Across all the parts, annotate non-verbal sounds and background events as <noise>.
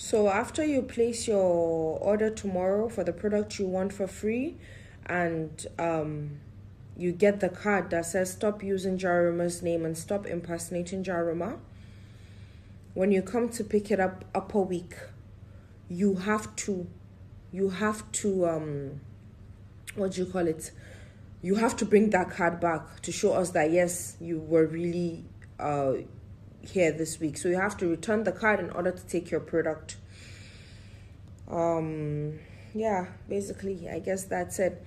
So after you place your order tomorrow for the product you want for free and um, you get the card that says stop using Jaruma's name and stop impersonating Jaruma, when you come to pick it up upper week, you have to, you have to, um, what do you call it? You have to bring that card back to show us that yes, you were really, uh, here this week. So you have to return the card in order to take your product. Um, yeah, basically, I guess that's it.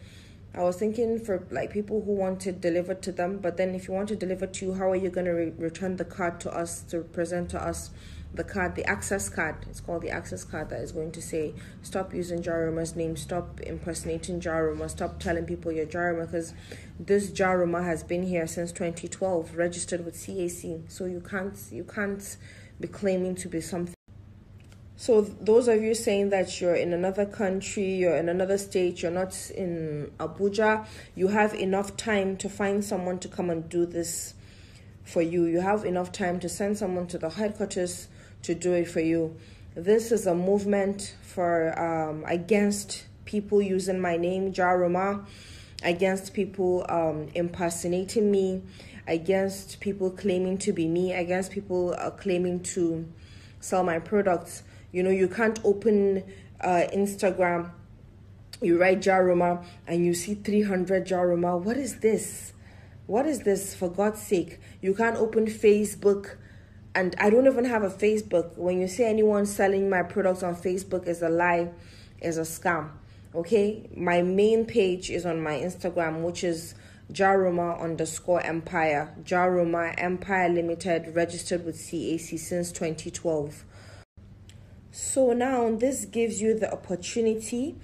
I was thinking for like people who want to deliver to them, but then if you want to deliver to you, how are you going to re- return the card to us to present to us? the card, the access card, it's called the access card that is going to say stop using Jaruma's name, stop impersonating Jaruma, stop telling people you're Jaruma because this Jaruma has been here since 2012, registered with CAC, so you can't you can't be claiming to be something. So those of you saying that you're in another country, you're in another state, you're not in Abuja, you have enough time to find someone to come and do this for you. You have enough time to send someone to the headquarters to do it for you. This is a movement for um, against people using my name, Jaruma, against people um, impersonating me, against people claiming to be me, against people uh, claiming to sell my products. You know, you can't open uh, Instagram, you write Jaruma, and you see 300 Jaruma. What is this? What is this? For God's sake, you can't open Facebook and I don't even have a Facebook. When you say anyone selling my products on Facebook is a lie, is a scam. Okay, my main page is on my Instagram, which is Jaruma underscore Empire. Jaruma Empire Limited, registered with CAC since 2012. So now this gives you the opportunity.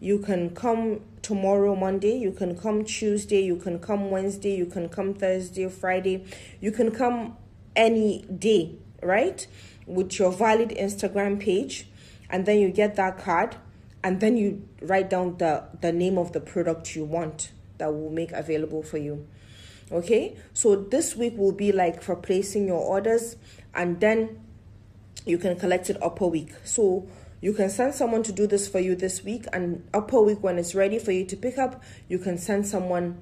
You can come tomorrow, Monday. You can come Tuesday. You can come Wednesday. You can come Thursday, Friday. You can come any day, right? With your valid Instagram page, and then you get that card, and then you write down the, the name of the product you want that will make available for you. Okay, so this week will be like for placing your orders, and then you can collect it upper week. So you can send someone to do this for you this week, and upper week when it's ready for you to pick up, you can send someone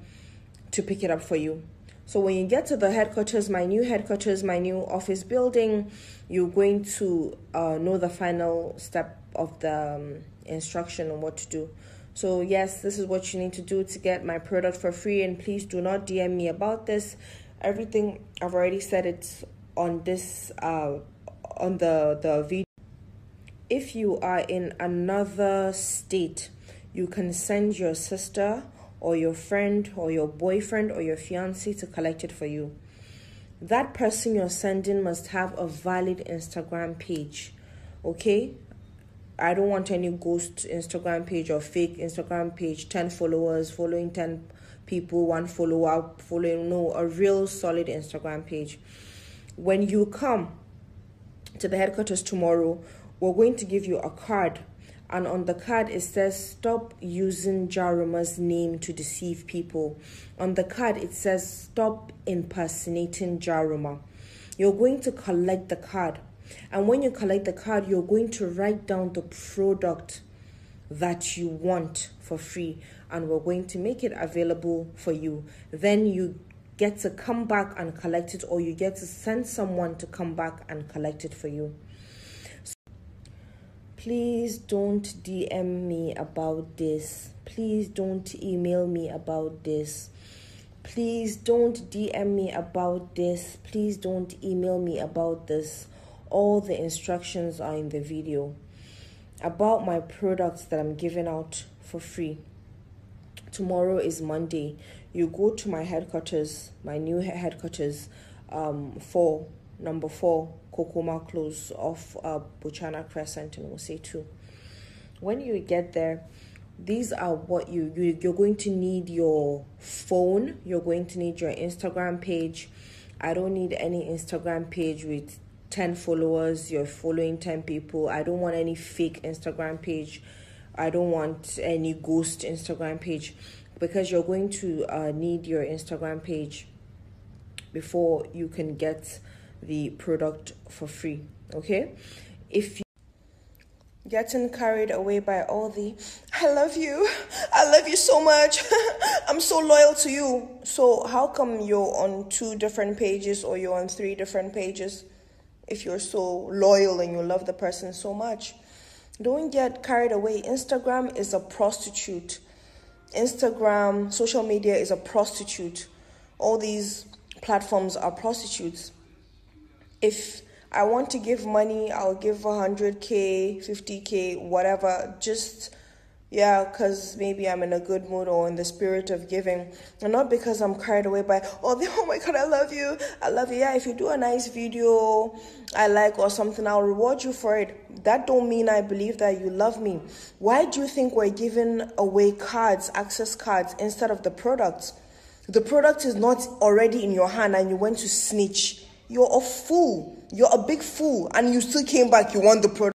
to pick it up for you. So when you get to the headquarters, my new headquarters, my new office building, you're going to uh, know the final step of the um, instruction on what to do. So yes, this is what you need to do to get my product for free. And please do not DM me about this. Everything I've already said it's on this uh, on the the video. If you are in another state, you can send your sister or your friend or your boyfriend or your fiance to collect it for you. That person you're sending must have a valid Instagram page. Okay? I don't want any ghost Instagram page or fake Instagram page, 10 followers, following 10 people, one follower, following no, a real solid Instagram page. When you come to the headquarters tomorrow, we're going to give you a card and on the card it says stop using Jaruma's name to deceive people. On the card it says stop impersonating Jaruma. You're going to collect the card. And when you collect the card, you're going to write down the product that you want for free and we're going to make it available for you. Then you get to come back and collect it or you get to send someone to come back and collect it for you please don't DM me about this. Please don't email me about this. Please don't DM me about this. Please don't email me about this. All the instructions are in the video about my products that I'm giving out for free. Tomorrow is Monday. You go to my headquarters, my new headquarters um, for number four, Kokoma Close off uh, Buchana Crescent in Two. When you get there, these are what you, you you're going to need your phone. You're going to need your Instagram page. I don't need any Instagram page with 10 followers. You're following 10 people. I don't want any fake Instagram page. I don't want any ghost Instagram page because you're going to uh, need your Instagram page before you can get the product for free okay if you getting carried away by all the i love you i love you so much <laughs> i'm so loyal to you so how come you're on two different pages or you're on three different pages if you're so loyal and you love the person so much don't get carried away instagram is a prostitute instagram social media is a prostitute all these platforms are prostitutes if I want to give money, I'll give 100k, 50k, whatever, just yeah, because maybe I'm in a good mood or in the spirit of giving, and not because I'm carried away by, oh, <laughs> oh my God, I love you, I love you. Yeah, if you do a nice video I like or something, I'll reward you for it. That don't mean I believe that you love me. Why do you think we're giving away cards, access cards, instead of the products? The product is not already in your hand, and you went to snitch. You're a fool. You're a big fool. And you still came back. You won the product.